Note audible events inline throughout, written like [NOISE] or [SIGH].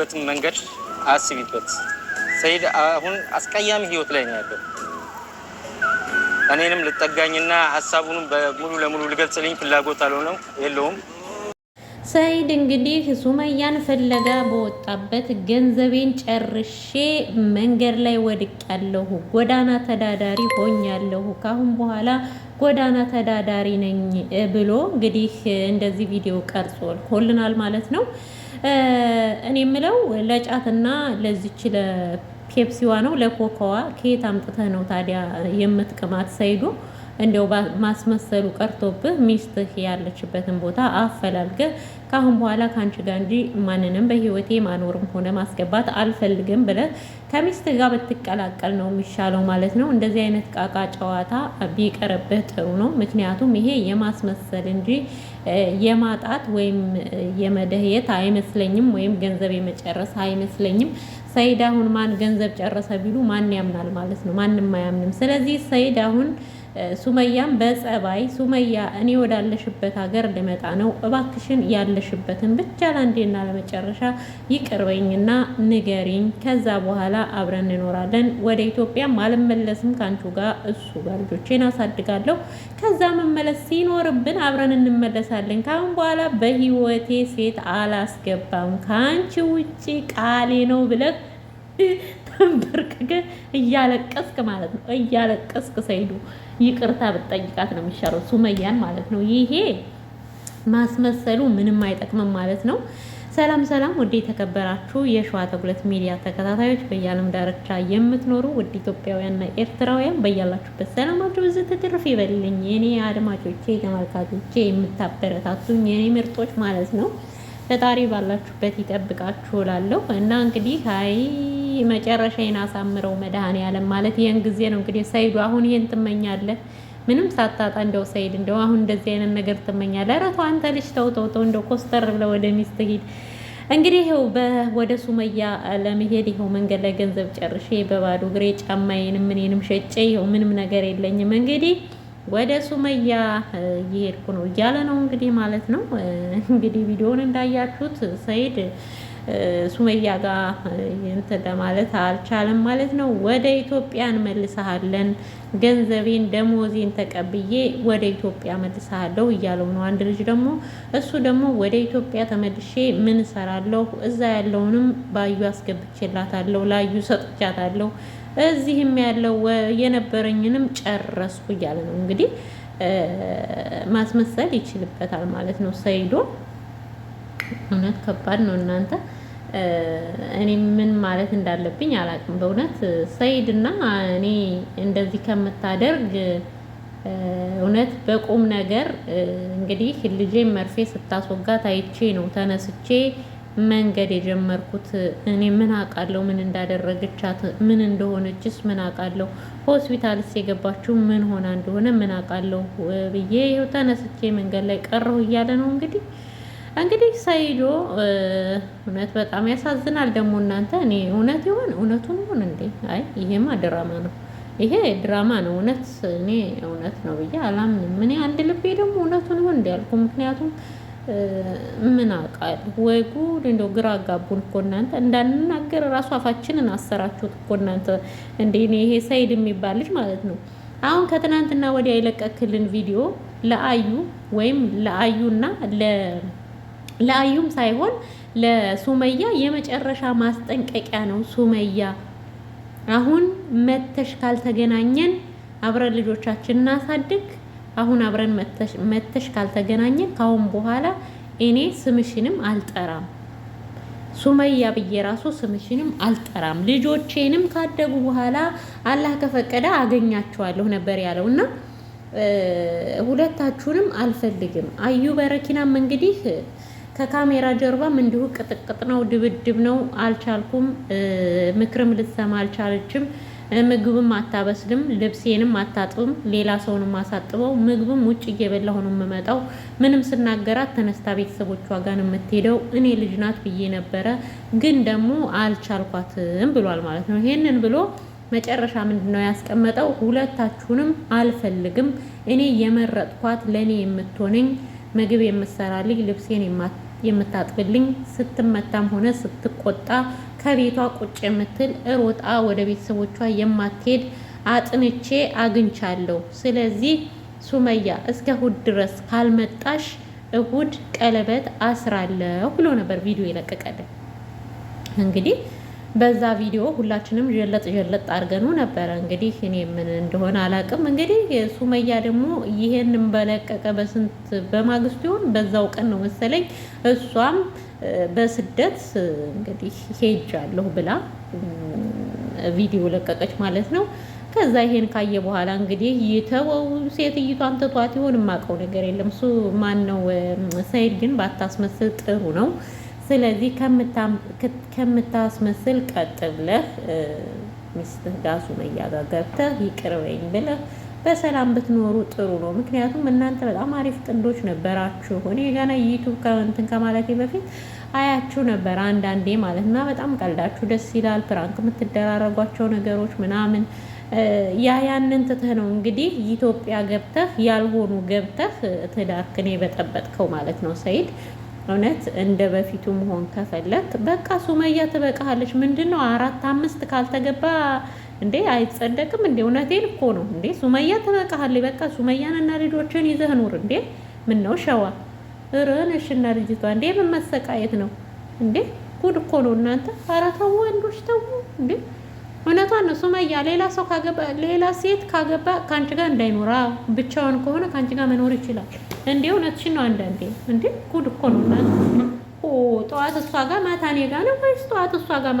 የምትኖሪበትን መንገድ አስቢበት። ሰይድ አሁን አስቀያሚ ህይወት ላይ ነው ያለው። እኔንም ልጠጋኝና ሀሳቡንም በሙሉ ለሙሉ ልገልጽልኝ ፍላጎት አልሆነው የለውም። ሰይድ እንግዲህ ሱመያን ፍለጋ በወጣበት ገንዘቤን ጨርሼ መንገድ ላይ ወድቄያለሁ፣ ጎዳና ተዳዳሪ ሆኛለሁ፣ ካሁን በኋላ ጎዳና ተዳዳሪ ነኝ ብሎ እንግዲህ እንደዚህ ቪዲዮ ቀርጾ ልኮልናል ማለት ነው። እኔ የምለው ለጫትና ለዚች ለፔፕሲዋ ነው ለኮካዋ ከየት አምጥተህ ነው ታዲያ የምትቅማት ሰይዶ? እንደው ማስመሰሉ ቀርቶብህ ሚስትህ ያለችበትን ቦታ አፈላልገህ ከአሁን በኋላ ከአንቺ ጋር እንጂ ማንንም በህይወቴ ማኖርም ሆነ ማስገባት አልፈልግም ብለህ ከሚስትህ ጋር ብትቀላቀል ነው የሚሻለው ማለት ነው። እንደዚህ አይነት ቃቃ ጨዋታ ቢቀርብህ ጥሩ ነው። ምክንያቱም ይሄ የማስመሰል እንጂ የማጣት ወይም የመደህየት አይመስለኝም፣ ወይም ገንዘብ የመጨረስ አይመስለኝም። ሰይድ አሁን ማን ገንዘብ ጨረሰ ቢሉ ማን ያምናል ማለት ነው? ማንም አያምንም። ስለዚህ ሰይድ አሁን ሱመያም በጸባይ ሱመያ እኔ ወዳለሽበት ሀገር ልመጣ ነው፣ እባክሽን ያለሽበትን ብቻ ለአንዴና ለመጨረሻ ይቅርበኝና ንገሪኝ። ከዛ በኋላ አብረን እንኖራለን። ወደ ኢትዮጵያም አልመለስም ከአንቺ ጋር እሱ ጋር ልጆቼን አሳድጋለሁ። ከዛ መመለስ ሲኖርብን አብረን እንመለሳለን። ካሁን በኋላ በህይወቴ ሴት አላስገባም ከአንቺ ውጭ ቃሌ ነው ብለህ በርቅገ እያለቀስክ ማለት ነው፣ እያለቀስክ ሰይዱ ይቅርታ ብትጠይቃት ነው የሚሻለው፣ ሱመያን ማለት ነው። ይሄ ማስመሰሉ ምንም አይጠቅምም ማለት ነው። ሰላም ሰላም፣ ውድ የተከበራችሁ የሸዋ ተጉለት ሚዲያ ተከታታዮች፣ በየዓለም ዳርቻ የምትኖሩ ውድ ኢትዮጵያውያንና ኤርትራውያን በያላችሁበት ሰላማችሁ ብዙ ትትርፍ ይበልልኝ። የኔ አድማጮቼ፣ ተመልካቾቼ፣ የምታበረታቱኝ የኔ ምርጦች ማለት ነው። ፈጣሪ ባላችሁበት ይጠብቃችሁ እላለሁ እና እንግዲህ አይ መጨረሻዬን አሳምረው መድኃኔዓለም ማለት ይህን ጊዜ ነው እንግዲህ ሰይዱ አሁን ይህን ትመኛለህ ምንም ሳታጣ እንደው ሰይድ እንደው አሁን እንደዚህ አይነት ነገር ትመኛለህ ኧረ ተው አንተ ልጅ ተው ተው ተው እንደው ኮስተር ብለህ ወደ ሚስት ሂድ እንግዲህ ይኸው ወደ ሱመያ ለመሄድ ይኸው መንገድ ላይ ገንዘብ ጨርሼ በባዶ እግሬ ጫማዬንም ምኔንም ሸጬ ይኸው ምንም ነገር የለኝም እንግዲህ ወደ ሱመያ እየሄድኩ ነው እያለ ነው እንግዲህ ማለት ነው። እንግዲህ ቪዲዮውን እንዳያችሁት ሰይድ ሱመያ ጋር እንትን ለማለት አልቻለም ማለት ነው። ወደ ኢትዮጵያ እንመልሰሃለን፣ ገንዘቤን ደሞዜን ተቀብዬ ወደ ኢትዮጵያ መልሰሃለሁ እያለው ነው። አንድ ልጅ ደግሞ እሱ ደግሞ ወደ ኢትዮጵያ ተመልሼ ምን እሰራለሁ? እዛ ያለውንም ባዩ አስገብቼላታለሁ፣ ላዩ ሰጥቻታለሁ፣ እዚህም ያለው የነበረኝንም ጨረስኩ እያለ ነው እንግዲህ ማስመሰል ይችልበታል ማለት ነው ሰይዶ እውነት ከባድ ነው እናንተ። እኔ ምን ማለት እንዳለብኝ አላውቅም። በእውነት ሰይድ እና እኔ እንደዚህ ከምታደርግ እውነት በቁም ነገር እንግዲህ ልጄ መርፌ ስታስወጋ ታይቼ ነው ተነስቼ መንገድ የጀመርኩት። እኔ ምን አውቃለሁ ምን እንዳደረገቻት ምን እንደሆነችስ ምን አውቃለሁ፣ ሆስፒታልስ የገባችው ምን ሆና እንደሆነ ምን አውቃለሁ ብዬ ይኸው ተነስቼ መንገድ ላይ ቀረሁ እያለ ነው እንግዲህ እንግዲህ ሰይዶ እውነት በጣም ያሳዝናል። ደግሞ እናንተ እኔ እውነት ይሆን እውነቱን ይሆን እንዴ? አይ ይሄማ ድራማ ነው፣ ይሄ ድራማ ነው። እውነት እኔ እውነት ነው ብዬ አላምንም። እኔ አንድ ልቤ ደግሞ እውነቱን ይሆን እንዴ አልኩ። ምክንያቱም ምን አውቃለሁ ወይ ጉድ! እንደው ግራ አጋቡን እኮ እናንተ። እንዳንናገር እራሱ አፋችንን አሰራችሁት እኮ እናንተ። እንዴ ይሄ ሰይድ የሚባል ልጅ ማለት ነው አሁን ከትናንትና ወዲያ የለቀክልን ቪዲዮ ለአዩ ወይም ለአዩና ለ ለአዩም ሳይሆን ለሱመያ የመጨረሻ ማስጠንቀቂያ ነው። ሱመያ አሁን መተሽ ካልተገናኘን አብረን ልጆቻችን እናሳድግ፣ አሁን አብረን መተሽ ካልተገናኘን ካሁን በኋላ እኔ ስምሽንም አልጠራም ሱመያ ብዬ ራሱ ስምሽንም አልጠራም። ልጆቼንም ካደጉ በኋላ አላህ ከፈቀደ አገኛቸዋለሁ ነበር ያለው እና ሁለታችሁንም አልፈልግም። አዩ በረኪናም እንግዲህ ከካሜራ ጀርባም እንዲሁ ቅጥቅጥ ነው፣ ድብድብ ነው። አልቻልኩም። ምክርም ልትሰማ አልቻለችም። ምግብም አታበስልም፣ ልብሴንም አታጥብም፣ ሌላ ሰውንም አሳጥበው፣ ምግብም ውጭ እየበላሁ ነው የምመጣው። ምንም ስናገራት ተነስታ ቤተሰቦቿ ጋር የምትሄደው። እኔ ልጅ ናት ብዬ ነበረ፣ ግን ደግሞ አልቻልኳትም ብሏል ማለት ነው። ይሄንን ብሎ መጨረሻ ምንድን ነው ያስቀመጠው? ሁለታችሁንም አልፈልግም። እኔ የመረጥኳት ለእኔ የምትሆነኝ ምግብ የምትሰራልኝ ልብሴን የማት የምታጥብልኝ ስትመታም ሆነ ስትቆጣ ከቤቷ ቁጭ የምትል ሮጣ ወደ ቤተሰቦቿ የማትሄድ አጥንቼ አግኝቻለሁ። ስለዚህ ሱመያ እስከ እሁድ ድረስ ካልመጣሽ እሁድ ቀለበት አስራለሁ ብሎ ነበር ቪዲዮ የለቀቀልን እንግዲህ በዛ ቪዲዮ ሁላችንም ጀለጥ ጀለጥ አድርገን ነበረ። እንግዲህ እኔ ምን እንደሆነ አላውቅም። እንግዲህ ሱመያ ደግሞ ይሄንን በለቀቀ በስንት በማግስቱ ይሆን በዛው ቀን ነው መሰለኝ እሷም በስደት እንግዲህ ሄጃለሁ ብላ ቪዲዮ ለቀቀች ማለት ነው። ከዛ ይሄን ካየ በኋላ እንግዲህ የተወው ሴትዮቷን ትቷት ይሆን የማውቀው ነገር የለም። እሱ ማን ነው ሰይድ ግን ባታስመስል ጥሩ ነው። ስለዚህ ከምታስመስል ቀጥ ብለህ ሚስትህ ጋር ሱመያ ጋር ገብተህ ይቅር በይኝ ብለህ በሰላም ብትኖሩ ጥሩ ነው። ምክንያቱም እናንተ በጣም አሪፍ ጥንዶች ነበራችሁ። እኔ ገና ዩቱብ ከእንትን ከማለቴ በፊት አያችሁ ነበር አንዳንዴ ማለት እና በጣም ቀልዳችሁ ደስ ይላል። ፕራንክ የምትደራረጓቸው ነገሮች ምናምን ያ ያንን ትተህ ነው እንግዲህ ኢትዮጵያ ገብተህ ያልሆኑ ገብተህ ትዳርክን የበጠበጥከው ማለት ነው ሰይድ እውነት እንደ በፊቱ መሆን ከፈለግ በቃ ሱመያ ትበቃሃለች። ምንድን ነው አራት አምስት ካልተገባ እንዴ አይጸደቅም እንዴ? እውነቴን እኮ ነው እንዴ። ሱመያ ትበቃሃለች። በቃ ሱመያንና ልጆችን ይዘህ ኑር እንዴ። ምን ነው ሸዋ ርዕንሽና ልጅቷ እንዴ ምን መሰቃየት ነው እንዴ? ጉድ እኮ ነው እናንተ። ኧረ ተው ወንዶች ተው እንዴ። እውነቷን ነው ሱመያ፣ ሌላ ሰው ካገባ ሌላ ሴት ካገባ ከአንቺ ጋር እንዳይኖራ ብቻውን ከሆነ ከአንቺ ጋር መኖር ይችላል። እንዴ እውነትሽን ነው። አንዳንዴ እንዴ ጉድ እኮ ነው እና ጠዋት እሷ ጋር ማታ እኔ ጋር ነው ወይስ ጠዋት እሷ ጋር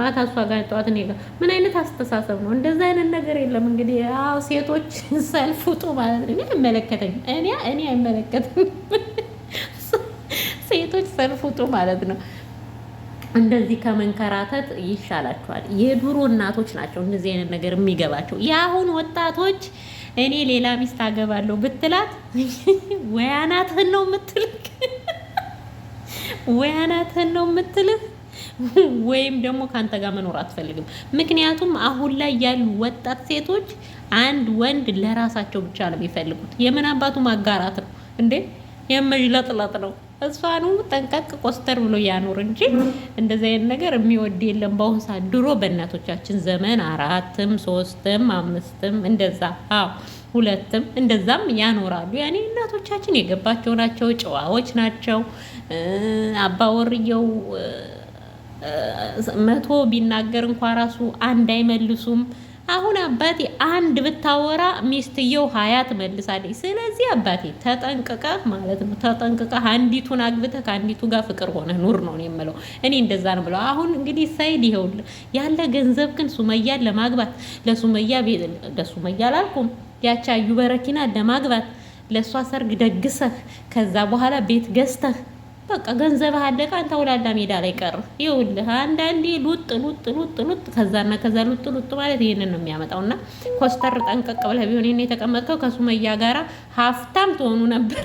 ማታ እሷ ጋር ጠዋት እኔ ጋር? ምን አይነት አስተሳሰብ ነው? እንደዛ አይነት ነገር የለም። እንግዲህ አዎ ሴቶች [LAUGHS] ሰልፍ ውጡ ማለት ነው። አይመለከተኝ እኔ እኔ አይመለከተኝም። [LAUGHS] ሴቶች ሰልፍ ውጡ ማለት ነው። እንደዚህ ከመንከራተት ይሻላቸዋል። የድሮ እናቶች ናቸው እንደዚህ አይነት ነገር የሚገባቸው። የአሁን ወጣቶች እኔ ሌላ ሚስት አገባለሁ ብትላት [LAUGHS] ወይ አናትህን ነው የምትልክ፣ [LAUGHS] ወይ አናትህን ነው የምትልህ፣ [LAUGHS] ወይም ደግሞ ከአንተ ጋር መኖር አትፈልግም። ምክንያቱም አሁን ላይ ያሉ ወጣት ሴቶች አንድ ወንድ ለራሳቸው ብቻ ነው የሚፈልጉት። የምን አባቱ ማጋራት ነው እንዴ? የመዥለጥለጥ ነው እሷኑ ጠንቀቅ ቆስተር ብሎ ያኖር እንጂ እንደዚህ አይነት ነገር የሚወድ የለም። በአሁን ሰዓት ድሮ በእናቶቻችን ዘመን አራትም ሶስትም አምስትም እንደዛ አዎ ሁለትም እንደዛም ያኖራሉ። ያኔ እናቶቻችን የገባቸው ናቸው፣ ጨዋዎች ናቸው። አባወርየው መቶ ቢናገር እንኳ ራሱ አንድ አይመልሱም። አሁን አባቴ አንድ ብታወራ ሚስትየው ሀያ ትመልሳለች። ስለዚህ አባቴ ተጠንቅቀህ ማለት ነው ተጠንቅቀህ አንዲቱን አግብተህ ከአንዲቱ ጋር ፍቅር ሆነህ ኑር ነው የምለው። እኔ እንደዛ ነው ብለው አሁን እንግዲህ ሳይድ ይኸውል ያለ ገንዘብ ግን ሱመያን ለማግባት ለሱመያ ለሱመያ አላልኩም ያቻ ዩበረኪና ለማግባት ለእሷ ሰርግ ደግሰህ ከዛ በኋላ ቤት ገዝተህ በቃ ገንዘብ አለቀ። አንተ ውላላ ሜዳ ላይ ቀር። ይኸውልህ አንዳንዴ ሉጥ ሉጥ ሉጥ ሉጥ ከዛና ከዛ ሉጥ ሉጥ ማለት ይህንን ነው የሚያመጣውና ኮስተር ጠንቀቅ ብለህ ቢሆን ይህን የተቀመጥከው ከሱመያ ጋራ ሀፍታም ትሆኑ ነበር።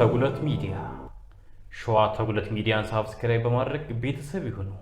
ተጉለት ሚዲያ ሸዋ ተጉለት ሚዲያን ሳብስክራይብ በማድረግ ቤተሰብ ይሁኑ።